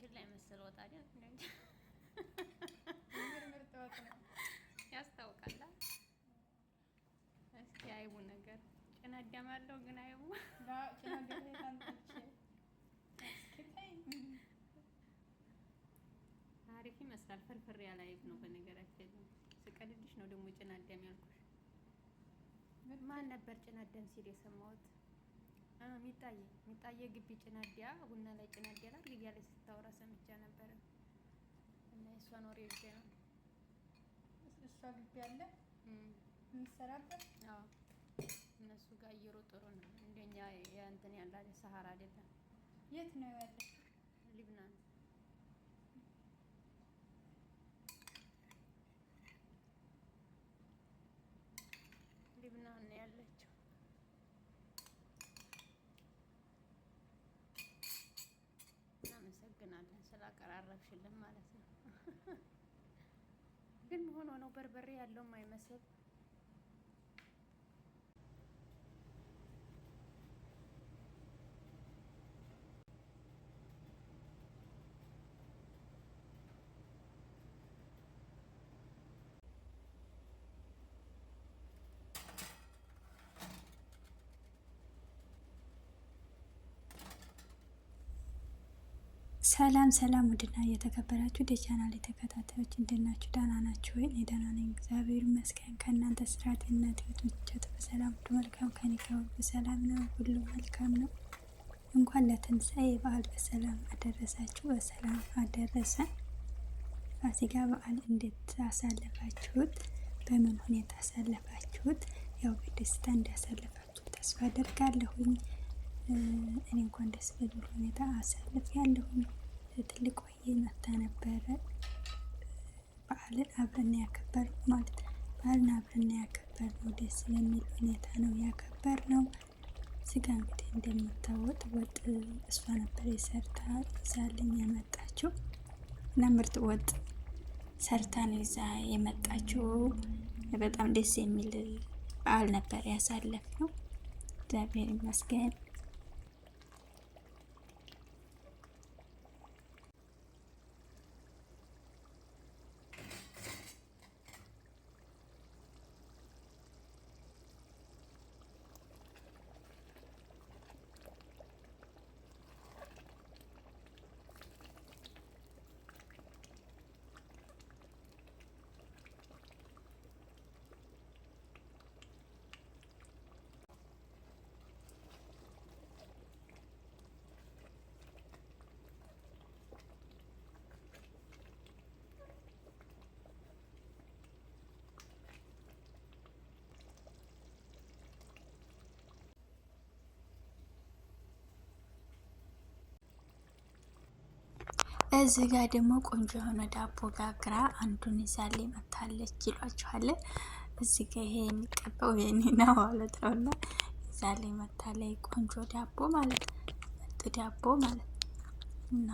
ድል ላይ መሰል ወጣ ያስታውቃል። እስኪ አይቡ ነገር ጭና ደማለሁ ግን አይቡ አሪፍ ይመስላል። ፍርፍር ያለ አይብ ነው። በነገራችን ስቀልድሽ ነው ደግሞ ጭና ደም ያልኩሽ። ማን ነበር ጭናዳም ሲል የሰማሁት? ሚጣዬ ሚጣዬ ግቢ ጭናዲያ ቡና ላይ ጭናዲያ እያለች ስታወራ ሰምቻ ነበረ እና እሷ ኖር ይዤ ነው። እሷ ግቢ አለ አዎ እነሱ ጋር አየሩ ጥሩ ነው። እንደኛ የእንትን ያለ ሰሃራ አይደለም። የት ነው ያለ? ሊብናን አልሸለምሽልም ማለት ነው። ግን ሆኖ ነው በርበሬ ያለውም አይመስል ሰላም ሰላም ውድና እየተከበራችሁ የቻናል የተከታታዮች እንድናችሁ ደህና ናችሁ ወይ? እኔ ደህና ነኝ፣ እግዚአብሔር ይመስገን። ከእናንተ ስርዓት ነት ቤቶቻት በሰላም ሁሉ መልካም ከኔ ጋር ሰላም ነው፣ ሁሉ መልካም ነው። እንኳን ለትንሣኤ በዓል በሰላም አደረሳችሁ፣ በሰላም አደረሰን። ፋሲካ በዓል እንዴት አሳለፋችሁት? በምን ሁኔታ አሳለፋችሁት? ያው በደስታ እንዳሳለፋችሁ ተስፋ አደርጋለሁኝ። እኔ እንኳን ደስ በሚል ሁኔታ አሳልፍ ያለሁኝ ትልቅ ወዬ መታ ነበረ። በዓልን አብረን ያከበር ማለት በዓልን አብረን ያከበር ነው። ደስ በሚል ሁኔታ ነው ያከበር ነው። ስጋ እንግዲህ እንደሚታወቅ ወጥ እሷ ነበር የሰርታ ይዛልኝ የመጣችው እና ምርጥ ወጥ ሰርታ ነው ይዛ የመጣችው። በጣም ደስ የሚል በዓል ነበር ያሳለፍ ነው። እግዚአብሔር ይመስገን። እዚህ ጋር ደግሞ ቆንጆ የሆነ ዳቦ ጋግራ አንዱን ይዛሌ መታለች ይሏችኋለን። እዚህ ጋር ይሄ የሚቀባው የኔ ነው ማለት ነው። እና ይዛሌ መታለች ቆንጆ ዳቦ ማለት መጥ ዳቦ ማለት እና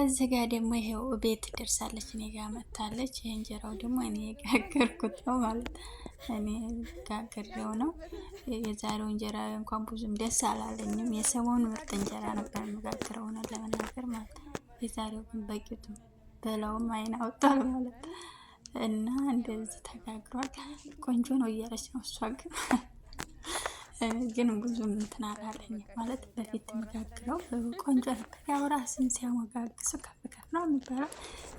እዚህ ጋር ደግሞ ይሄው ቤት ደርሳለች። እኔ ጋር መታለች። ይሄ እንጀራው ደግሞ እኔ ጋገርኩት ነው ማለት እኔ ጋገሬው ነው። የዛሬው እንጀራ እንኳን ብዙም ደስ አላለኝም። የሰሞኑ ምርጥ እንጀራ ነበር የምጋግረው ነው ለመናገር ማለት የዛሬው ግን በቂቱ በላውም አይን አውጣል ማለት እና እንደዚህ ተጋግሯል። ቆንጆ ነው እያለች ነው እሷ ግን ግን ብዙም እንትን አላለኝ ማለት በፊት መጋግረው ቆንጆ ነበር። ያው ራስን ሲያወጋግሱ ከፍ ከፍ ነው የሚባለው።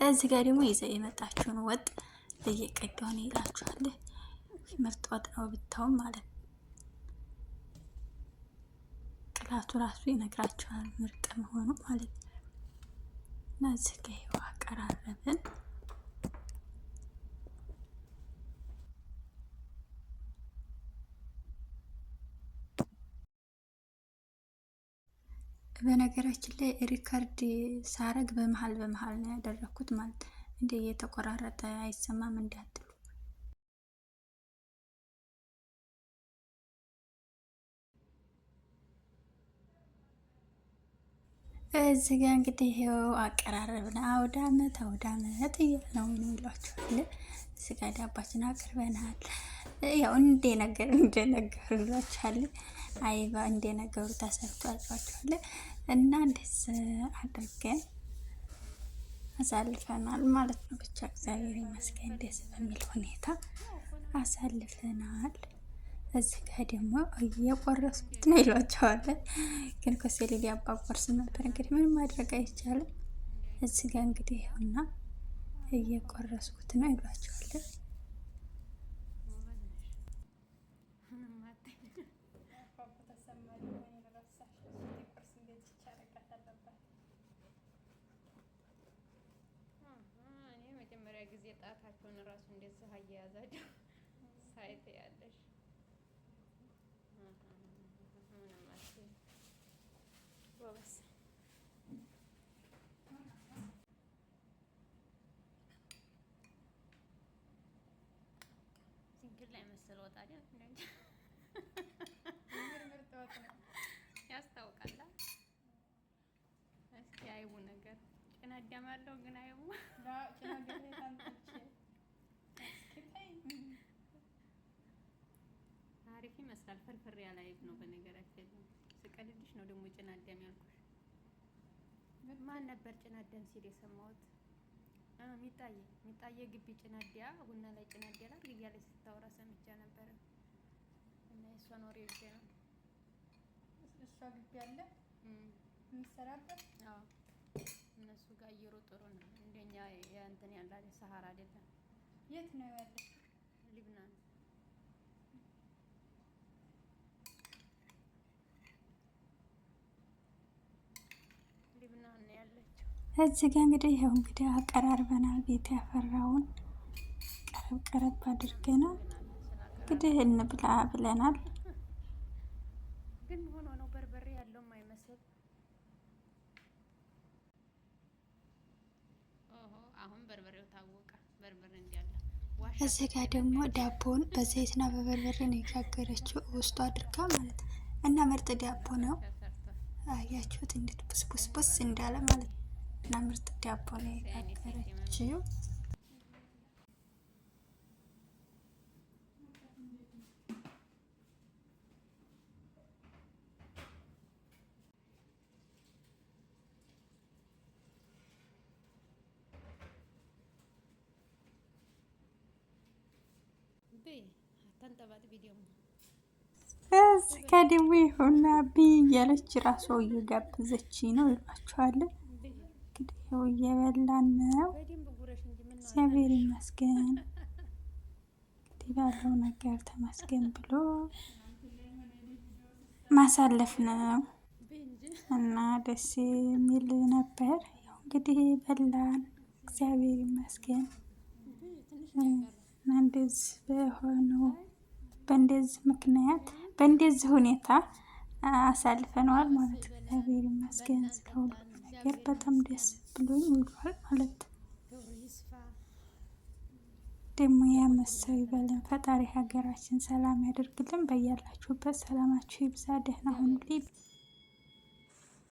እዚህ ጋር ደግሞ ይዘ የመጣችውን ወጥ በየቀዳውን ይላችኋል። ምርጥ ወጥ ነው ብታውም ማለት ቅላቱ ራሱ ይነግራችኋል ምርጥ መሆኑ ማለት ነው። እዚህ ጋ ይኸው አቀራረብን በነገራችን ላይ ሪከርድ ሳረግ በመሀል በመሀል ነው ያደረግኩት ማለት እንደ እየተቆራረጠ አይሰማም እንዳትሉ እዚህ ጋ እንግዲህ ይኸው አውደ አመት አውደ አመት ነው ነው ይሏቸዋል። እዚህ ጋር ዳባችን አቅርበናል። ያው እንዴ ነገር እንዴ ነገሩ ይሏቸዋል። አይባ እንዴ ነገሩ ተሰርቶ ይሏቸዋል። እና እንደስ አድርገን አሳልፈናል ማለት ነው። ብቻ እግዚአብሔር ይመስገን ደስ በሚል ሁኔታ አሳልፈናል። እዚህ ጋር ደግሞ እየቆረስኩት ነው ይሏቸዋለን። ግን ኮሴሌ ሊያባቆርስ ነበር እንግዲህ ምንም ማድረግ አይቻልም። እዚህ ጋር እንግዲህ ይኸውና እየቆረስኩት ነው ይሏቸዋለን። ጊዜ ጣታቸውን እራሱ እንደዚህ አያያዛቸው ጎበዝ። ሲንግል ላይ መሰል ወጣ ያስታውቃል። እስኪ አይቡ ነገር ጭና ደም አለው ግን አይቡ አሪፍ ይመስላል። ፍርፍር ያለ አይብ ነው በነገራችን ስቀልድሽ ነው ደግሞ ጭና አዳም ያልኩሽ። ማን ነበር ጭና ሲል የሰማሁት? ሚጣዬ ሚጣዬ ግቢ ጭናዲያ ቡና ላይ ጭናዲያ ላይ እያለች ስታወራ ሰምቻ ነበረ። እና የእሷን ወሬ ይዤ ነው። እሷ ግቢ አለ እነሱ ጋር አየሩ ጥሩ ነው። እንደኛ እንትን ያላ ሰሃራ አይደለም። የት ነው ያለ? ሊብናን እዚህ ጋ እንግዲህ ይኸው እንግዲህ አቀራርበናል። ቤት ያፈራውን ቀረብ ቀረብ አድርገናል። እንግዲህ እንብላ ብለናል። እዚህ ጋ ደግሞ ዳቦን በዘይትና በበርበሬ ነው የጋገረችው ውስጡ አድርጋ ማለት ነው። እና ምርጥ ዳቦ ነው አያችሁት? እንዴት ቡስ እንዳለ ማለት ነው። እና ምርጥ ዳቦ ነው የጋገረችው። እዚህ ደግሞ ይኸውና ብይ እያለች ራሷ እየጋበዘች ነው ይሏችኋለን። እንግዲህ ይኸው እየበላን ነው። እግዚአብሔር ይመስገን እንግዲህ ባለው ነገር ተመስገን ብሎ ማሳለፍ ነው እና ደስ የሚል ነበር። ያው እንግዲህ በላን፣ እግዚአብሔር ይመስገን እንደዚህ በሆነው በእንደዚህ ምክንያት በእንደዚህ ሁኔታ አሳልፈነዋል ማለት እግዚአብሔር ይመስገን ስለሁሉ ነገር በጣም ደስ ብሎኝ ውሏል ማለት ደግሞ ያመሰው ይበልን ፈጣሪ ሀገራችን ሰላም ያደርግልን። በያላችሁበት ሰላማችሁ ይብዛ። ደህና ሁኑልኝ።